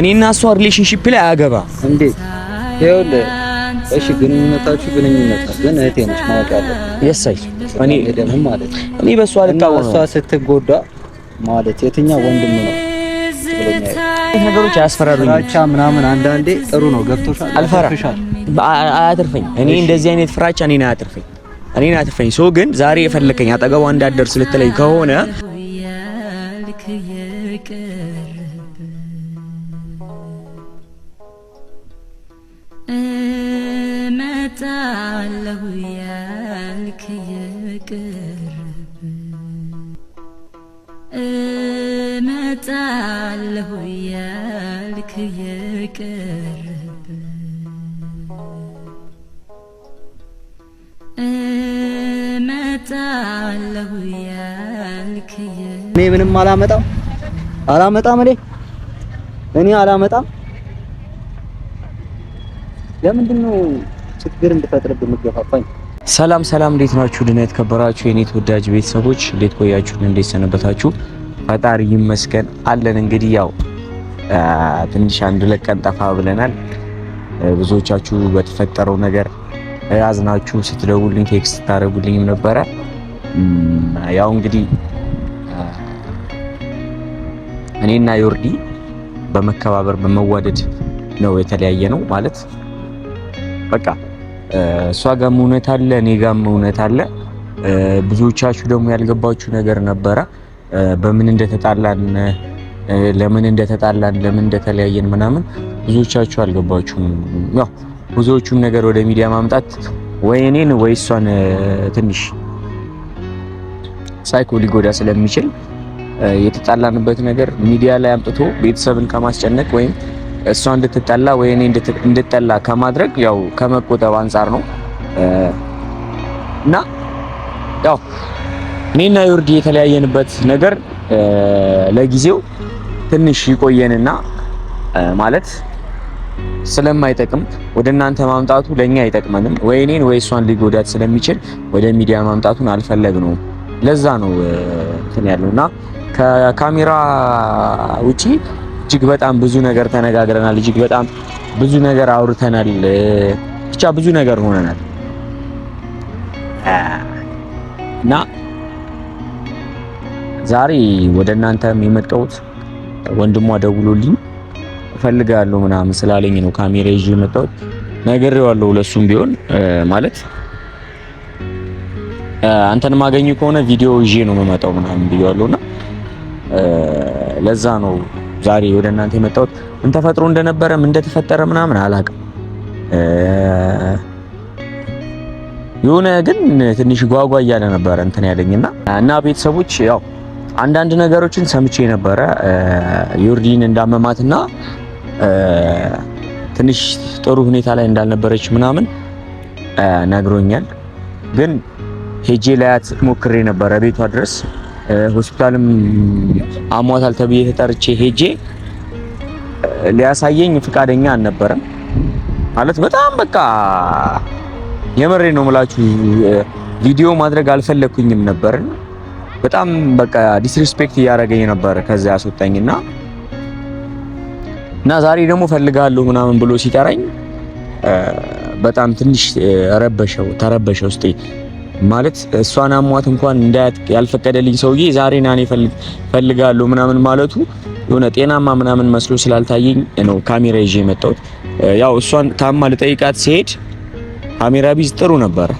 እኔና እሷ ሪሌሽንሺፕ ላይ አገባ እንዴ? ይኸውልህ፣ እሺ፣ ግንኙነታችሁ ግንኙነት ግን እህቴ ነች ማወቅ ያለብህ። የሳይ እኔ ደግሞ ማለት እኔ በእሷ ልታወቅ እሷ ስትጎዳ ማለት የትኛው ወንድም ነው ነገሮች አያስፈራሩኝ። ፍራቻ ምናምን አንዳንዴ ጥሩ ነው። ገብቶሻል? አልፈራ አያትርፈኝ። እኔ እንደዚህ አይነት ፍራቻ እኔን አያትርፈኝ፣ እኔን አያትርፈኝ። ሶ ግን ዛሬ የፈለከኝ አጠገቧ እንዳደርስ ልትለኝ ከሆነ መጣለሁ ያልክ የቅርብ እመጣለሁ ያልክ የቅርብ ያልክ እኔ ምንም አላመጣም አላመጣም እኔ እኔ አላመጣም ለምንድን ነው ችግር እንድፈጥርብ የምገፋፋኝ። ሰላም ሰላም፣ እንዴት ናችሁ? ድና የተከበራችሁ የኔ ተወዳጅ ቤተሰቦች እንዴት ቆያችሁ? እንዴት ሰነበታችሁ? ፈጣሪ ይመስገን አለን። እንግዲህ ያው ትንሽ አንድ ለቀን ጠፋ ብለናል። ብዙዎቻችሁ በተፈጠረው ነገር አዝናችሁ ስትደውልኝ ቴክስት ታደርጉልኝም ነበረ። ያው እንግዲህ እኔና ዮርዲ በመከባበር በመዋደድ ነው የተለያየ ነው ማለት በቃ እሷ ጋም እውነት አለ፣ እኔ ጋም እውነት አለ። ብዙዎቻችሁ ደግሞ ያልገባችሁ ነገር ነበረ፣ በምን እንደተጣላን ለምን እንደተጣላን ለምን እንደተለያየን ምናምን ብዙዎቻችሁ አልገባችሁም። ያው ብዙዎቹም ነገር ወደ ሚዲያ ማምጣት ወይ እኔን ወይ እሷን ትንሽ ሳይኮ ሊጎዳ ስለሚችል የተጣላንበት ነገር ሚዲያ ላይ አምጥቶ ቤተሰብን ከማስጨነቅ ወይም እሷ እንድትጠላ ወይ እኔ እንድጠላ ከማድረግ ያው ከመቆጠብ አንጻር ነው እና ያው እኔና ዮርዲ የተለያየንበት ነገር ለጊዜው ትንሽ ይቆየንና ማለት ስለማይጠቅም ወደ እናንተ ማምጣቱ ለኛ አይጠቅመንም። ወይ እኔን ወይ እሷን ሊጎዳት ስለሚችል ወደ ሚዲያ ማምጣቱን አልፈለግነውም። ለዛ ነው እንትን ያለውና ከካሜራ ውጪ እጅግ በጣም ብዙ ነገር ተነጋግረናል። እጅግ በጣም ብዙ ነገር አውርተናል። ብቻ ብዙ ነገር ሆነናል እና ዛሬ ወደ እናንተም የመጣሁት ወንድሟ ደውሎልኝ እፈልጋለሁ ምናምን ስላለኝ ነው ካሜራ ይዤ የመጣሁት። ነግሬዋለሁ ለሱም ቢሆን ማለት አንተን ማገኝ ከሆነ ቪዲዮ ይዤ ነው የምመጣው ምናምን ብያለሁና ለዛ ነው ዛሬ ወደ እናንተ የመጣሁት ምን ተፈጥሮ እንደነበረ ምን እንደተፈጠረ ምናምን አላውቅም። የሆነ ግን ትንሽ ጓጓ እያለ ነበረ እንትን ያለኝና እና ቤተሰቦች ያው አንዳንድ ነገሮችን ሰምቼ ነበረ ዮርዲን እንዳመማትና ትንሽ ጥሩ ሁኔታ ላይ እንዳልነበረች ምናምን ነግሮኛል። ግን ሄጄ ላያት ሞክሬ ነበረ ቤቷ ድረስ ሆስፒታልም አሟታል ተብዬ ተጠርቼ ሄጄ ሊያሳየኝ ፍቃደኛ አልነበረም። ማለት በጣም በቃ የመሬ ነው የምላችሁ ቪዲዮ ማድረግ አልፈለኩኝም ነበር። በጣም በቃ ዲስሪስፔክት እያደረገኝ ነበር። ከዛ ያስወጣኝና እና ዛሬ ደግሞ ፈልጋለሁ ምናምን ብሎ ሲጠራኝ በጣም ትንሽ ረበሸው ተረበሸው ውስጤ ማለት እሷን አሟት እንኳን እንዳያት ያልፈቀደልኝ ሰውዬ ዛሬ ናን ይፈልጋሉ ፈልጋለሁ ምናምን ማለቱ የሆነ ጤናማ ምናምን መስሎ ስላልታየኝ ነው ካሜራ ይዤ የመጣሁት። ያው እሷን ታማ ልጠይቃት ሲሄድ ካሜራ ቢዝ ጥሩ ነበረ፣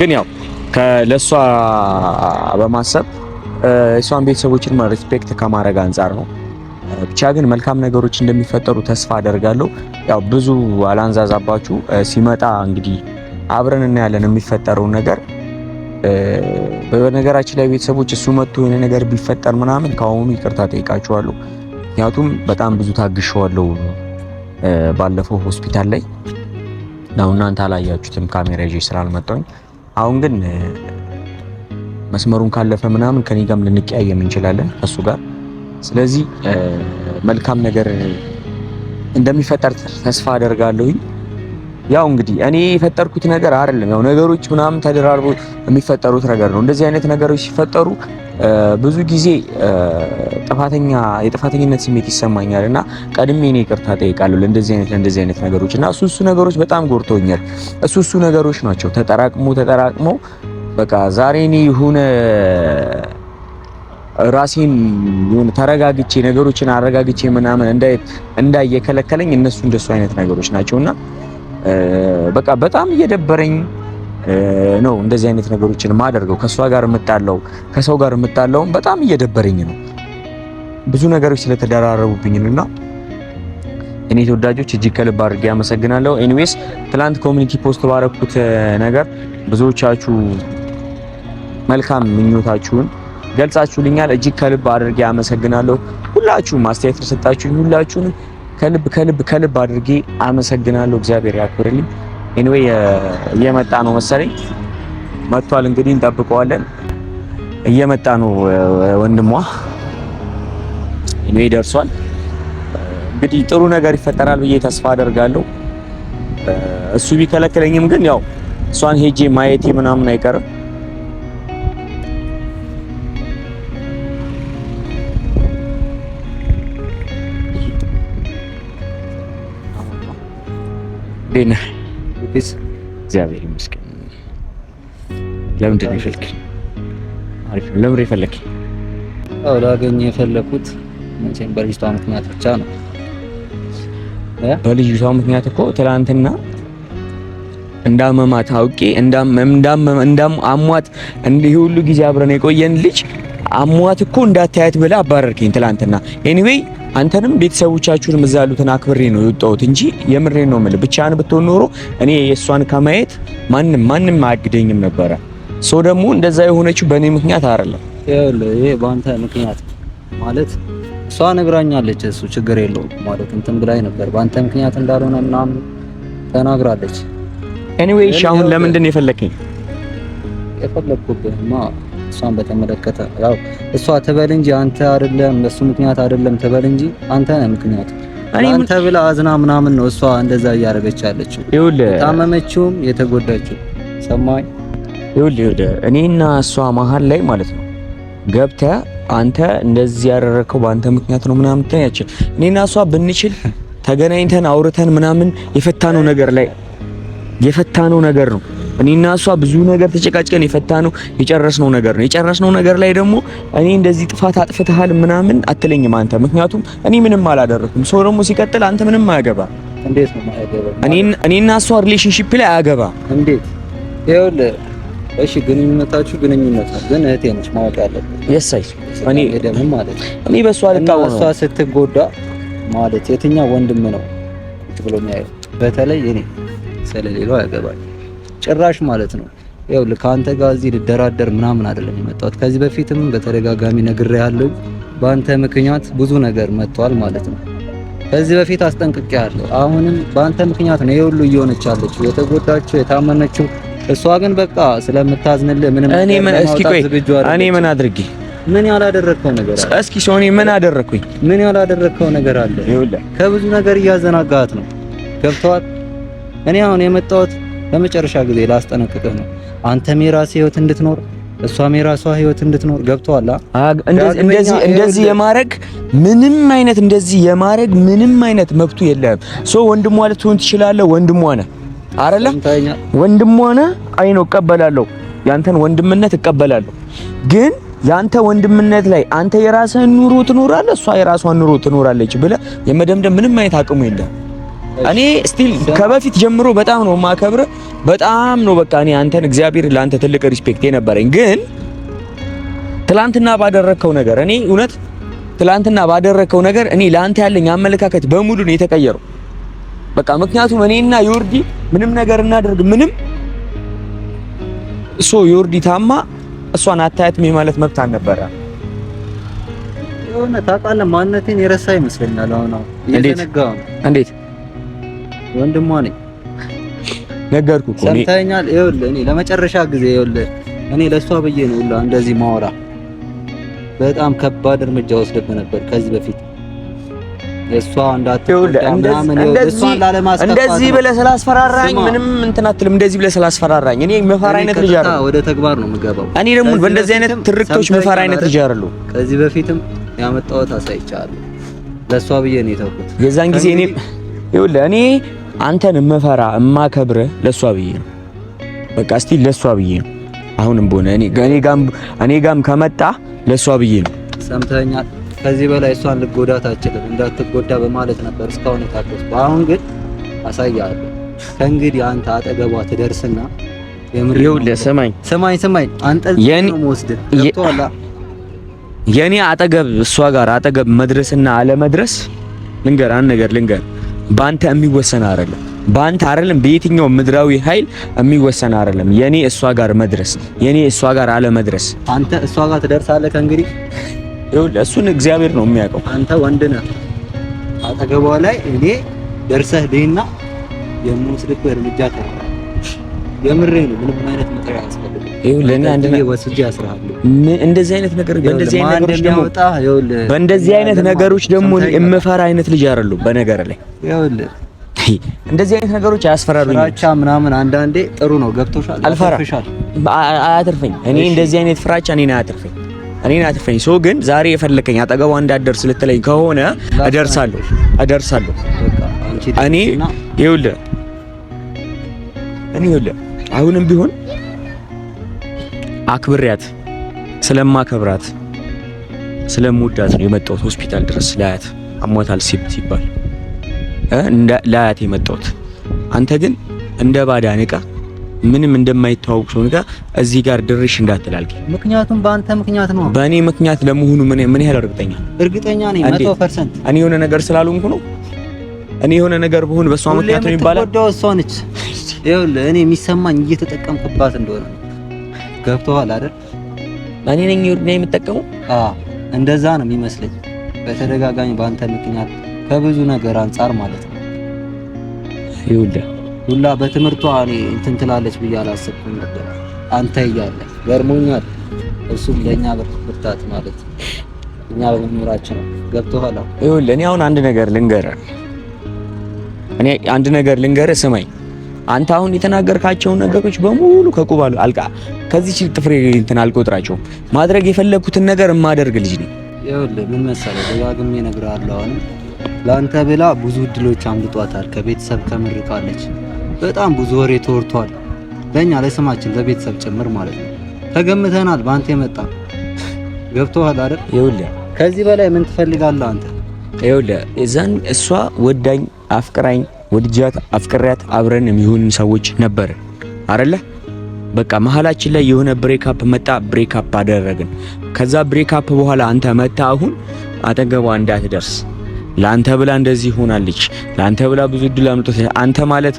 ግን ያው ለእሷ በማሰብ እሷን ቤተሰቦችን ሪስፔክት ከማድረግ አንጻር ነው። ብቻ ግን መልካም ነገሮች እንደሚፈጠሩ ተስፋ አደርጋለሁ። ያው ብዙ አላንዛዛባችሁ ሲመጣ እንግዲህ አብረን እናያለን የሚፈጠረውን ነገር። በነገራችን ላይ ቤተሰቦች እሱ መጥቶ የሆነ ነገር ቢፈጠር ምናምን ከአሁኑ ይቅርታ ጠይቃችኋለሁ። ምክንያቱም በጣም ብዙ ታግሸዋለሁ። ባለፈው ሆስፒታል ላይ ነው እናንተ አላያችሁትም፣ ካሜራ ይዤ ስላልመጣሁኝ። አሁን ግን መስመሩን ካለፈ ምናምን ከኔ ጋርም ልንቀያየም እንችላለን ከሱ ጋር። ስለዚህ መልካም ነገር እንደሚፈጠር ተስፋ አደርጋለሁኝ። ያው እንግዲህ እኔ የፈጠርኩት ነገር አይደለም። ያው ነገሮች ምናምን ተደራርቦ የሚፈጠሩት ነገር ነው። እንደዚህ አይነት ነገሮች ሲፈጠሩ ብዙ ጊዜ ጥፋተኛ የጥፋተኝነት ስሜት ይሰማኛል እና ቀድሜ እኔ ይቅርታ ጠይቃለሁ ለእንደዚህ አይነት ለእንደዚህ አይነት ነገሮች እና እሱ እሱ ነገሮች በጣም ጎርተውኛል። እሱ እሱ ነገሮች ናቸው ተጠራቅሞ ተጠራቅሞ በቃ ዛሬ እኔ የሆነ ራሴን የሆነ ተረጋግቼ ነገሮችን አረጋግቼ ምናምን እንዳይ እንዳይ የከለከለኝ እነሱ እንደሱ አይነት ነገሮች ናቸውና በቃ በጣም እየደበረኝ ነው እንደዚህ አይነት ነገሮችን ማደርገው። ከሷ ጋር የምጣለው ከሰው ጋር የምጣለውም በጣም እየደበረኝ ነው ብዙ ነገሮች ስለተደራረቡብኝና እኔ ተወዳጆች እጅግ ከልብ አድርጌ አመሰግናለሁ። ኤኒዌይስ ትላንት ኮሚኒቲ ፖስት ባረኩት ነገር ብዙዎቻችሁ መልካም ምኞታችሁን ገልጻችሁልኛል። እጅግ ከልብ አድርጌ አመሰግናለሁ። ሁላችሁም አስተያየት ተሰጣችሁ፣ ሁላችሁንም ከልብ ከልብ ከልብ አድርጌ አመሰግናለሁ። እግዚአብሔር ያክብርልኝ። ኤኒዌይ እየመጣ ነው መሰለኝ። መጥቷል። እንግዲህ እንጠብቀዋለን። እየመጣ ነው ወንድሟ። ኤኒዌይ ደርሷል። እንግዲህ ጥሩ ነገር ይፈጠራል ብዬ ተስፋ አደርጋለሁ። እሱ ቢከለክለኝም ግን ያው እሷን ሄጄ ማየቴ ምናምን አይቀርም። እንዴት ነህ? እግዚአብሔር ይመስገን። ለምንድን ነው የፈለግኸኝ? አሪፍ ነው። ለምንድን ነው የፈለግኸኝ? ላገኘህ የፈለኩት መቼም በልጅቷ ምክንያት ብቻ ነው። በልጅቷ ምክንያት እኮ ትናንትና እንዳመማት አውቄ አሟት ሁሉ ጊዜ አብረን የቆየን ልጅ አሟት እኮ እንዳታያት ብለህ አባረርከኝ ትናንትና። ኤኒዌይ አንተንም ቤተሰቦቻችሁን እዛ ያሉትን አክብሬ ነው የወጣሁት እንጂ የምሬ ነው የምልህ። ብቻህን ብትሆን ኖሮ እኔ የእሷን ከማየት ማንም ማንም አያግደኝም ነበረ። ሰው ደግሞ እንደዛ የሆነችው በእኔ ምክንያት አይደለም። ይሄ በአንተ ምክንያት ማለት እሷ ነግራኛለች። እሱ ችግር የለውም ማለት እንትን ብላኝ ነበር በአንተ ምክንያት እንዳልሆነ ምናምን ተናግራለች። ኤኒዌይ አሁን ለምንድን ነው የፈለከኝ? የፈለኩብህማ እሷን በተመለከተ ያው እሷ ትበል እንጂ አንተ አይደለም እሱ ምክንያት አይደለም ትበል እንጂ አንተ ነህ ምክንያቱ። አንተ ብላ አዝና ምናምን ነው እሷ እንደዛ እያደረገች ያለችው። ይኸውልህ የታመመችውም የተጎዳችው ሰማኝ። ይኸውልህ እኔና እሷ መሀል ላይ ማለት ነው ገብተህ አንተ እንደዚህ ያደረከው በአንተ ምክንያት ነው ምናምን ትኛችን እኔና እሷ ብንችል ተገናኝተን አውርተን ምናምን የፈታነው ነገር ላይ የፈታነው ነገር ነው እኔና እሷ ብዙ ነገር ተጨቃጭቀን የፈታነው የጨረስነው ነገር ነው። የጨረስነው ነገር ላይ ደግሞ እኔ እንደዚህ ጥፋት አጥፍተሃል ምናምን አትለኝም አንተ፣ ምክንያቱም እኔ ምንም አላደረኩም። ሰው ደግሞ ሲቀጥል አንተ ምንም አያገባ። እንዴት ነው ማያገባ? እኔና እሷ ሪሌሽንሺፕ ላይ አያገባ። እንዴት ይኸውልህ እሺ ግንኙነታችሁ ግንኙነት ነው፣ ግን እህቴ ነች ማወቅ ያለብህ። የሳይ እኔ ደምም ማለት እኔ በእሷ ልቃወም ነው። እሷ ስትጎዳ ማለት የትኛው ወንድም ነው ብሎ የሚያየው? በተለይ እኔ ስለሌለው ያገባል ጭራሽ ማለት ነው። ያው ከአንተ ጋር እዚህ ልደራደር ምናምን አይደለም የመጣሁት። ከዚህ በፊትም በተደጋጋሚ ነግሬ ያለው በአንተ ምክንያት ብዙ ነገር መጥቷል ማለት ነው። ከዚህ በፊት አስጠንቅቄ ያለው አሁንም በአንተ ምክንያት ነው የሁሉ እየሆነች ያለችው የተጎዳችው የታመነችው እሷ ግን በቃ ስለምታዝንልህ ምንም እኔ ምን እስኪ ቆይ እኔ ምን አድርጌ ምን ያላደረከው ነገር አለ? እስኪ ሶኒ ምን አደረኩኝ? ምን ያላደረከው ነገር አለ? ከብዙ ነገር እያዘናጋት ነው። ገብቷል። እኔ አሁን የመጣሁት ለመጨረሻ ጊዜ ላስጠነቅቅህ ነው። አንተም የራስህ ህይወት እንድትኖር እሷም የራሷ ህይወት እንድትኖር ገብቷላ። እንደዚህ እንደዚህ የማረግ ምንም አይነት እንደዚህ የማረግ ምንም አይነት መብቱ የለም ሶ ወንድሟ ልትሆን ትችላለህ። ወንድሟ ነህ አይደለም? ወንድሟ ነህ። አይ ነው እቀበላለሁ፣ ያንተን ወንድምነት እቀበላለሁ። ግን ያንተ ወንድምነት ላይ አንተ የራስህን ኑሮ ትኖራለህ፣ እሷ የራሷን ኑሮ ትኖራለች ብለህ የመደምደም ምንም አይነት አቅሙ የለም። እኔ ስቲል ከበፊት ጀምሮ በጣም ነው ማከብረ በጣም ነው በቃ እኔ አንተን እግዚአብሔር ለአንተ ትልቅ ሪስፔክት የነበረኝ ግን ትላንትና ባደረከው ነገር እኔ እውነት ትላንትና ባደረከው ነገር እኔ ለአንተ ያለኝ አመለካከት በሙሉ ነው የተቀየረው። በቃ ምክንያቱም እኔና ዮርዲ ምንም ነገር እናደርግ ምንም እሱ ዮርዲ ታማ እሷን አታያትም ማለት መብት አልነበረ። የሆነ ታውቃለህ፣ ማንነቴን የረሳ ይመስለኛል። አሁን እንዴት እንዴት ወንድሟ ነኝ። ነገርኩ እኮ ሰምተኛል። ይኸውልህ እኔ ለመጨረሻ ጊዜ ይኸውልህ እኔ ለእሷ ብዬ ነው ሁላ እንደዚህ ማወራ። በጣም ከባድ እርምጃ ወስደብህ ነበር ከዚህ በፊት እሷ እንዳትወልእንደዚህ ብለህ ስላስፈራራኝ ምንም እንትን አትልም። እንደዚህ ብለህ ስላስፈራራኝ እኔ መፈራ አይነት ልጅ አይደለሁ። ወደ ተግባር ነው የምገባው። እኔ ደግሞ በእንደዚህ አይነት ትርክቶች መፈራ አይነት ልጅ አይደለሁ። ከዚህ በፊትም ያመጣሁት አሳይቻለሁ። ለእሷ ብዬ ነው የተውኩት የዛን ጊዜ እኔ ይኸውልህ እኔ አንተን እመፈራ እማከብረ ለሷ ብዬ ነው። በቃ እስቲ ለሷ ብዬ ነው። አሁንም በሆነ እኔ ጋም ጋም ከመጣ ለሷ ብዬ ነው። ሰምተኛል። ከዚህ በላይ እሷን ልጎዳት አችልም እንዳትጎዳ በማለት ነበር እስካሁን የታገስኩ። አሁን ግን አሳያለሁ። ከእንግዲህ አንተ አጠገቧ ትደርስና ይኸውልህ፣ ስማኝ ስማኝ ስማኝ፣ አንተ ተቷላ የኔ አጠገብ እሷ ጋር አጠገብ መድረስና አለመድረስ ልንገር፣ አንድ ነገር ልንገር በአንተ የሚወሰን አይደለም። በአንተ አይደለም፣ በየትኛው ምድራዊ ኃይል የሚወሰን አይደለም። የኔ እሷ ጋር መድረስ፣ የኔ እሷ ጋር አለ መድረስ። አንተ እሷ ጋር ትደርሳለህ ከእንግዲህ ይሁን። እሱን እግዚአብሔር ነው የሚያውቀው። አንተ ወንድ ነህ፣ አጠገቧ ላይ እኔ ደርሰህ ደህና የምወስድብህ እርምጃ ተ የምሬ ነው። ምንም አይነት መጠሪያ ይኸው ለእኔ አንድ እንደዚህ አይነት ነገር በእንደዚህ አይነት ነገሮች ደግሞ የምፈራ አይነት ልጅ አይደለሁም። በነገር ላይ እንደዚህ አይነት ነገሮች አያስፈራሩኝ። ፍራቻ ምናምን አንዳንዴ ጥሩ ነው። ገብቶሻል? አልፈራ አያትርፈኝ። እኔ እንደዚህ አይነት ፍራቻ እኔን አያትርፈኝ እኔን አትፈኝ። ሶ ግን ዛሬ የፈለከኝ አጠገቧ እንዳደርስ ልትለኝ ከሆነ እደርሳለሁ እደርሳለሁ። እኔ ይኸውልህ እኔ ይኸውልህ አሁንም ቢሆን አክብሪያት ስለማከብራት ስለምወዳት ነው የመጣሁት ሆስፒታል ድረስ ላያት አሞታል ሲብት ይባል እንደ ላያት የመጣሁት። አንተ ግን እንደ ባዳ ንቃ፣ ምንም እንደማይተዋወቅ ሰው ንቃ፣ እዚህ ጋር ድርሽ እንዳትላልቂ። ምክንያቱም በአንተ ምክንያት ነው። በእኔ ምክንያት ለመሆኑ ምን ምን ያህል እርግጠኛ እርግጠኛ ነኝ? 100% እኔ የሆነ ነገር ስላልሆንኩ ነው። እኔ የሆነ ነገር ብሆን በሷ ምክንያት ነው ይባላል። እሷ ነች። ይኸውልህ እኔ የሚሰማኝ እየተጠቀምክባት እንደሆነ ገብተዋል አይደል? እኔ ነኝ ዩርና የምጠቀሙ? አዎ እንደዛ ነው የሚመስለኝ። በተደጋጋሚ በአንተ ምክንያት ከብዙ ነገር አንጻር ማለት ነው። ይኸውልህ ሁላ በትምህርቷ እኔ እንትን ትላለች ብዬ አላሰብኩም ነበር። አንተ እያለ ገርሞኛል። እሱም ለእኛ ብርታት ማለት እኛ በመኖራችን ገብቶሃል። ይኸውልህ እኔ አሁን አንድ ነገር ልንገርህ፣ እኔ አንድ ነገር ልንገርህ፣ ስማኝ አንተ አሁን የተናገርካቸውን ነገሮች በሙሉ ከቁባሉ አልቃ ከዚህ ችል ጥፍሬ እንትን አልቆጥራቸውም። ማድረግ የፈለግኩትን ነገር የማደርግ ልጅ ነኝ። ይኸውልህ ምን መሰለህ፣ ደጋግሜ እነግርሃለሁ። አሁን ለአንተ ብላ ብዙ እድሎች አምልጧታል። ከቤተሰብ ተመርቃለች። በጣም ብዙ ወሬ ተወርቷል። ለእኛ ለስማችን ለቤተሰብ ጭምር ማለት ነው። ተገምተናል። በአንተ የመጣ ገብቶሃል አይደል? ይኸውልህ ከዚህ በላይ ምን ትፈልጋለህ አንተ? ይኸውልህ እዛን እሷ ወዳኝ አፍቅራኝ ወድጃት አፍቅሪያት አብረን የሚሆን ሰዎች ነበር አረለ በቃ መሀላችን ላይ የሆነ ብሬክአፕ መጣ፣ ብሬክአፕ አደረግን። ከዛ ብሬክአፕ በኋላ አንተ መታ አሁን አጠገቧ እንዳትደርስ ለአንተ ብላ እንደዚህ ሆናለች፣ ለአንተ ብላ ብዙ እድል አምልጦት አንተ ማለት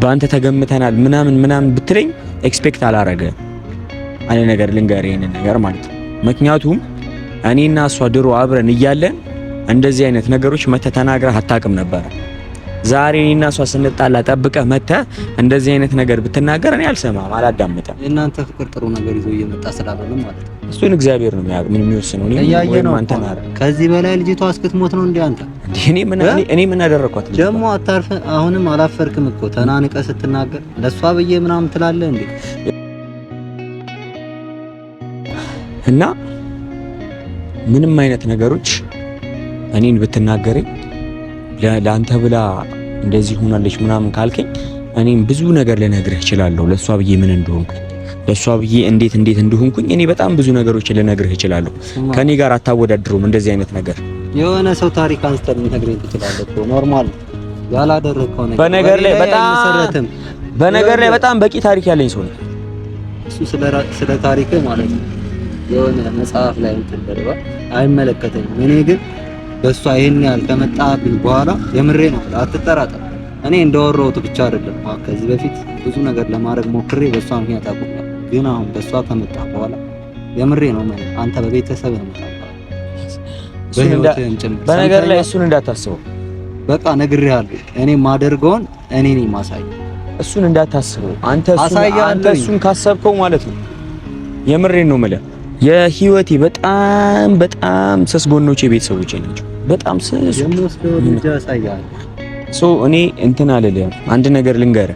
በአንተ ተገምተናል ምናምን ምናምን ብትለኝ ኤክስፔክት አላረገ አንድ ነገር ልንገር፣ ይሄን ነገር ማለት ምክንያቱም እኔና እሷ ድሮ አብረን እያለን እንደዚህ አይነት ነገሮች መተተናግራ አታውቅም ነበረ። ዛሬ እኔና እሷ ስንጣላ ጠብቀህ መተህ እንደዚህ አይነት ነገር ብትናገር እኔ አልሰማም፣ አላዳምጠም። የእናንተ ፍቅር ጥሩ ነገር ይዞ እየመጣ ስላልሆነ ማለት ነው። እሱን እግዚአብሔር ነው የሚወስነው። ከዚህ በላይ ልጅቷ እስክትሞት ነው እንደ አንተ እኔ ምን አደረኳት ደግሞ አታርፈ አሁንም አላፈርክም እኮ ተናንቀ ስትናገር ለእሷ ብዬ ምናምን ትላለህ እንዴ እና ምንም አይነት ነገሮች እኔን ብትናገረኝ ለአንተ ብላ እንደዚህ ሆናለች ምናምን ካልከኝ እኔም ብዙ ነገር ልነግርህ እችላለሁ። ለእሷ ብዬ ምን እንደሆንኩኝ፣ ለእሷ ብዬ እንዴት እንዴት እንደሆንኩኝ እኔ በጣም ብዙ ነገሮችን ልነግርህ እችላለሁ። ከእኔ ጋር አታወዳድሩም። እንደዚህ አይነት ነገር የሆነ ሰው ታሪክ አንስተን ልነግርህ ትችላለህ። ኖርማል ያላደረግከው ነገር በነገር ላይ በጣም በነገር ላይ በጣም በቂ ታሪክ ያለኝ ሰው ነው። እሱ ስለ ስለ ታሪክ ማለት ነው የሆነ መጽሐፍ ላይ እንትን ደርባ አይመለከተኝም እኔ ግን በእሷ ይሄን ያህል ከመጣብኝ በኋላ የምሬ ነው። አትጠራጠር። እኔ እንደወረውት ብቻ አይደለም ከዚህ በፊት ብዙ ነገር ለማድረግ ሞክሬ በእሷ ምክንያት አቁሜያለሁ። ግን አሁን በእሷ ከመጣ በኋላ የምሬ ነው ማለት አንተ በቤተሰብ ነው በነገር ላይ እሱን እንዳታስበው። በቃ ነግሬሃለሁ። እኔ ማደርገውን እኔ ነኝ ማሳይ። እሱን እንዳታስበው አንተ አንተ እሱን ካሰብከው ማለት ነው የምሬን ነው የምልህ የህይወቴ በጣም በጣም ሰስጎኖቼ ጎኖቼ ቤተሰቦቼ ናቸው። በጣም ሶ እኔ እንትን አልልህም። አንድ ነገር ልንገር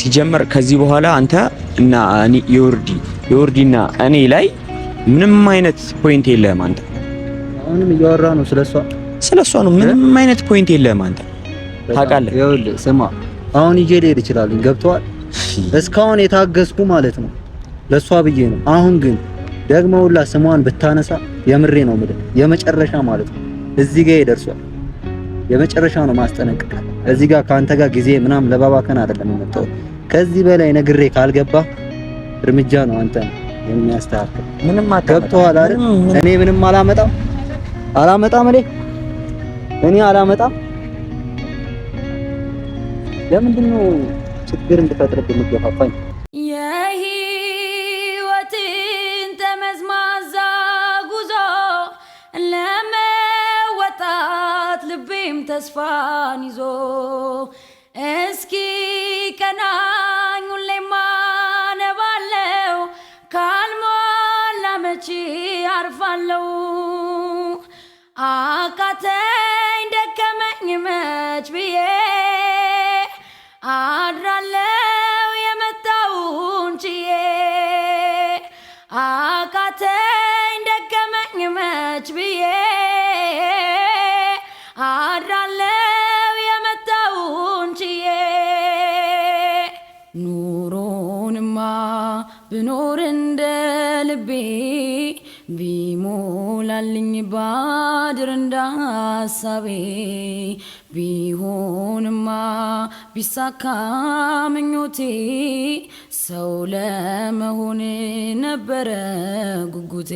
ሲጀመር ከዚህ በኋላ አንተ እና እኔ የወርዲ የወርዲና እኔ ላይ ምንም አይነት ፖይንት የለህም አንተ። አሁንም እያወራ ነው ስለሷ ስለሷ ነው። ምንም አይነት ፖይንት የለህም አንተ ታውቃለህ። ይኸውልህ ስማ፣ አሁን ይዤ ልሄድ እችላለሁ። ገብቶሃል? እስካሁን የታገስኩ ማለት ነው ለሷ ብዬ ነው። አሁን ግን ደግሞ ሁላ ስሟን ብታነሳ የምሬ ነው የምልህ የመጨረሻ ማለት ነው እዚህ ጋር ይደርሷል። የመጨረሻው ነው ማስጠነቀቅ። እዚህ ጋር ካንተ ጋር ጊዜ ምናምን ለባባከን አይደለም የመጣሁት። ከዚህ በላይ ነግሬ ካልገባ እርምጃ ነው አንተ የሚያስተካክል። ምንም ገብቶሃል አይደል? እኔ ምንም አላመጣም አላመጣም እኔ እኔ አላመጣም። ለምንድን ነው ችግር እንድፈጥርብህ የምትገፋፋኝ? ተስፋን ይዞ እስኪ ቀናኝ ሁሌም አነባለው ካልሞላ መቼ አርፋለው አቃተ ቢሳካ ምኞቴ ሰው ለመሆን ነበረ ጉጉቴ።